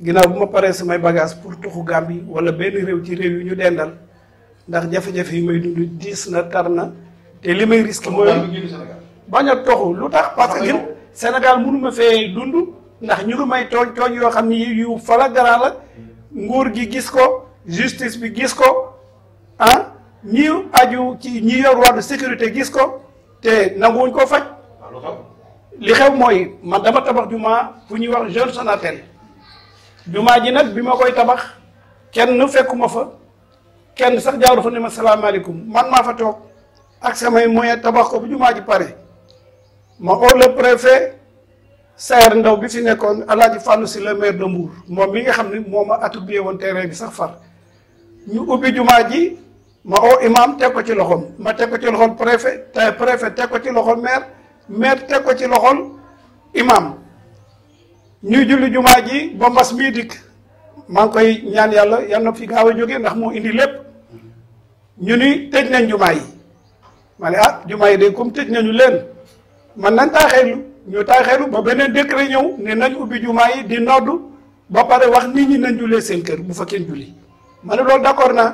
ginnaaw bu ma paree samay bagage pour tuxu Gàmbi wala benn réew ci réew yu ñu dendal ndax jafe-jafe yi may dund diis na tar na te li may risque mooy bañ a toxu lu tax parce que Sénégal mënu ma fee dund ndax ñu ngi may tooñ tooñ yoo xam ni yu flagrant la nguur gi gis ko justice bi gis ko ah ñi aju ci ñi yor wàllu sécurité gis ko te nanguwuñ koo faj li xew mooy man dama tabax jumaa fu ñuy wax jeune Sonatel jumaa ji nag bi ma koy tabax kenn fekkuma fa kenn sax jaaru fa ne ma salaamaaleykum man maa fa toog ak samay moyen tabax ko bu jumaa ji pare ma oo le bi fi nekkoon Alaaji Fàllu si le maire moom mi nga xam ne moo ma woon terrain bi sax far ñu ubbi jumaa ji ma oo imam teg ko ci loxoom ma teg ko ci loxol préfet te préfet teg ko ci loxol maire maire teg ko ci loxol imam ñu julli juma ji ba mbas mii dik ma ngi koy ñaan yalla yalla fi gaaw joge ndax mo indi lepp ñu ni tej nañ juma yi mané ah juma yi de kum tej nañu len man nañ taaxeelu ñu taaxeelu ba benen décret ñew né nañ ubbi juma yi di noddu ba paré wax nit ñi nañ seen kër bu julli mané lool d'accord na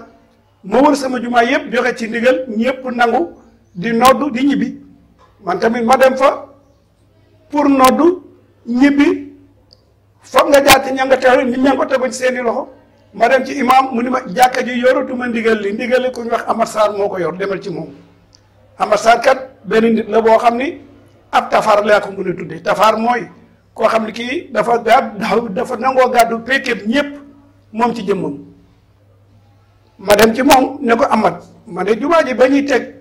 mo wër sama juma yépp joxé ci ndigal nangu di noddu di ñibi man tamit ma dem fa pour noddu ñibi foog nga jaar ci ña nga teew nit ña seen i loxo ma dem ci imam mu ni ma jàkka ji yoratuma ndigal li ndigal li ñu wax Amar Sarr moo ko yor demal ci moom Amar Sarr kat benn nit la boo xam ni ab tafaar laa ko mën a mooy koo xam ne kii dafa gàddu dafa nangoo gàddu pékkéb ñëpp moom ci jëmmam ma dem ci moom ne ko amat ma ne jumaa ji ba ñuy teg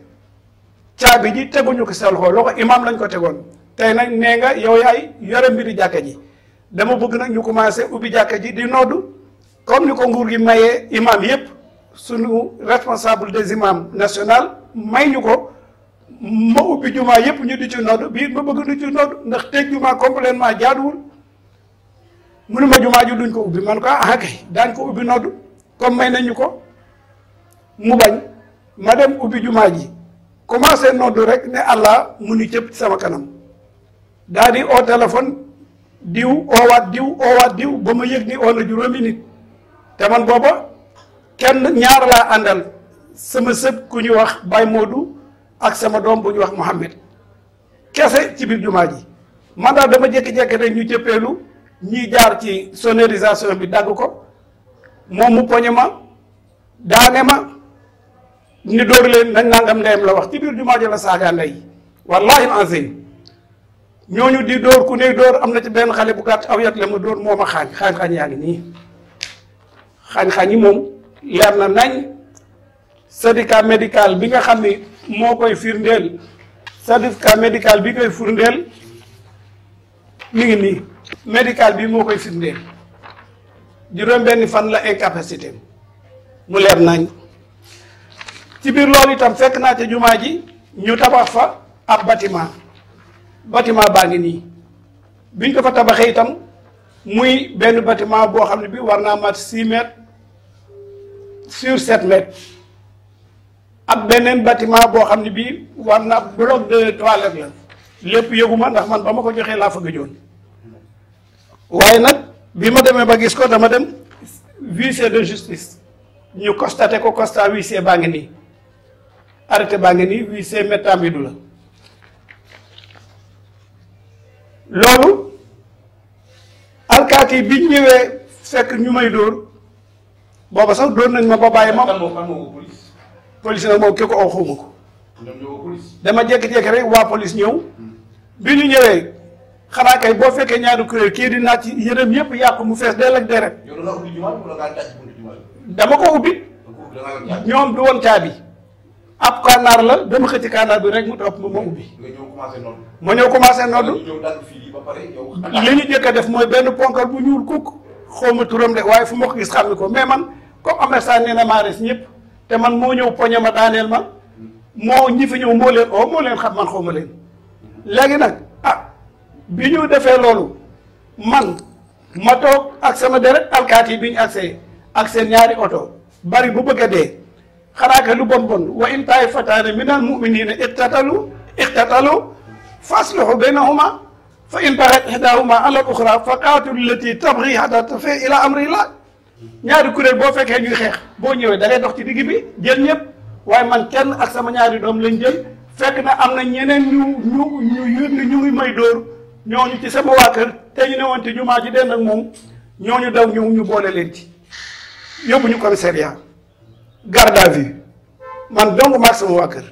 caabi ji teguñu ko sa loxo loxo imam lañ ko tegoon tey nag nee nga yow yaay yore mbiri jàkka ji dama bëgg nag ñu commencé ubbi jàkka ji di noddu comme ni ko nguur gi mayee imam yëpp suñu responsable des imams national may ñu ko ma ubbi jumaa yëpp ñu di ci noddu bii ma bëgg di ci noddu ndax tëj jumaa complètement jaaduwul mënu ma jumaa ju duñ ko ubbi man ko ah kay daañ ko ubbi noddu comme may nañ ñu ko mu bañ ma dem ubbi jumaa ji commencé noddu rek ne Allah mu ni cëpp sama kanam daa di au téléphone diw oowaat diw oowaat diw ba ma yëg ni oo na juróomi nit te man booba kenn ñaar laa àndal sama sëb ku ñu wax Baye Modou ak sama doom bu ñu wax Mouhamed kese ci biir jumaa ji man daal dama jékki-jékki rek ñu jëppeelu ñuy jaar ci sonorisation bi dagg ko moom mu poñe ma daane ma ni dóor leen nañ nangam ndeyam la wax ci biir jumaa ji la saaga ndey wallaahi azim ñoñu di door ku dor door amna ci ben xalé bu gatt aw yat la ma door moma ma xaañ xaañ yaangi ni ngi nii xaañ yi moom leer na nañ sadika medical bi nga xamni mo koy firndel sadika medical bi koy firndeel mi ngi ni medical bi mo koy ben fan la incapacité mu leer nañ ci bir loolu itam fekk na ci jumaaji ñu tabax fa ab bâtiment bâtiment baa ngi nii biñ ko fa tabaxee itam muy benn bâtiment boo xam ne bi war naa mat 6 mètres sur 7 mètres ak beneen bâtiment boo xam ne bi war naa bloc de toilette la lépp yëguma ndax man ba ma ko joxee laa fa gëjoon waaye nag bi ma demee ba gis ko dama dem huissier de justice ñu constaté ko constat huissier baa ngi nii arrêté baa ngi nii huissier Métamidou la loolu alkaati bi ñëwee fekk ñu may dóor booba sax dóor nañ ma ba bàyyi ma. police. police nag moom ki ko oo ko. dama jékki-jékki rek waa polis ñëw. bi ñu ñëwee xanaa kay boo fekkee ñaari kuréel kii di naaj ci yërëm yëpp yàqu mu fees dell ak deret. dama ko ubbi. ñoom bi woon caabi. ab kànnaar la dama xëcc kànnaar bi rek mu topp ma ma ubbi. nga ñëw commencé noddu. ma ñëw commencé noddu. li ñu njëkk def mooy benn ponkal bu ñuul kukk xaw ma turam de waaye fu ma ko gis xam ni ko mais man comme amersaan nee na maa ñëpp te man moo ñëw poñe ma daaneel ma moo ñi fi ñëw moo leen oo oh, moo leen xam man xaw ma leen. léegi nag ah bi ñu defee loolu man ma toog ak sama deret alkaati bi ñu accès ak seen ñaari oto bari bu bëgg a dee. xanaa kay lu bon bon wa in taifataani minal muminina iqtatalu iqtatalu faslihu baynahuma fa in baxat ihdahuma ala al-uxra fa qaatilu llati tabxi hatta tafi am amri la ñaari kuréel boo fekkee ñuy xeex boo ñëwee da dox ci digg bi jël ñëpp waaye man kenn ak sama ñaari doom lañ jël fekk na am na ñeneen ñu ñu ñu ñu ñu ngi may dóor ñooñu ci sama waa kër te ñu ne woon te jumaa ji dend ak moom ñooñu daw ñu boole leen ci yóbbu ñu commissariat garde à vue man donc maag sama waa kër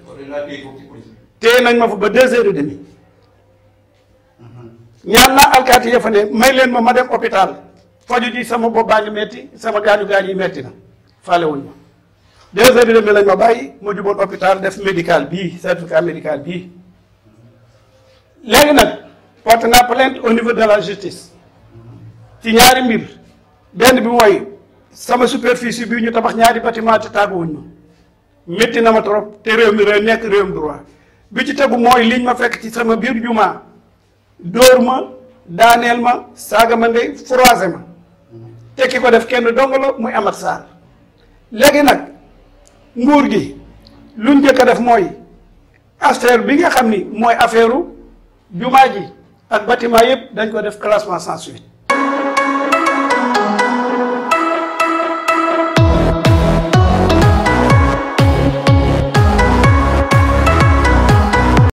téye nañ ma fa ba deux heures et demie ñaan naa alkaati ya fa ne may leen ma ma def hôpital faju ji sama bopp baa ngi metti sama gaañu gaañ yi metti na faale wuñ ma deux heures et demie lañ ma bàyyi ma juboon hôpital def médical bii certificat médical bii léegi nag porte naa plainte au niveau de la justice ci ñaari mbir benn bi mooy sama superficie bi ñu tabax ñaari bâtiment te tàgguwuñ ma métti na ma trop te réew mi réew nekk réewum droit bi ci tegu mooy liñ ma fekk ci sama biir jumaa dóor ma daaneel ma saaga ma ndey froisé ma tekki ko def kenn dongalo muy amat saar léegi nag nguur gi lu njëkk a def mooy affaire bi nga xam ni mooy affaire jumaa ji ak bâtiment yëpp dañ ko def classement sans suite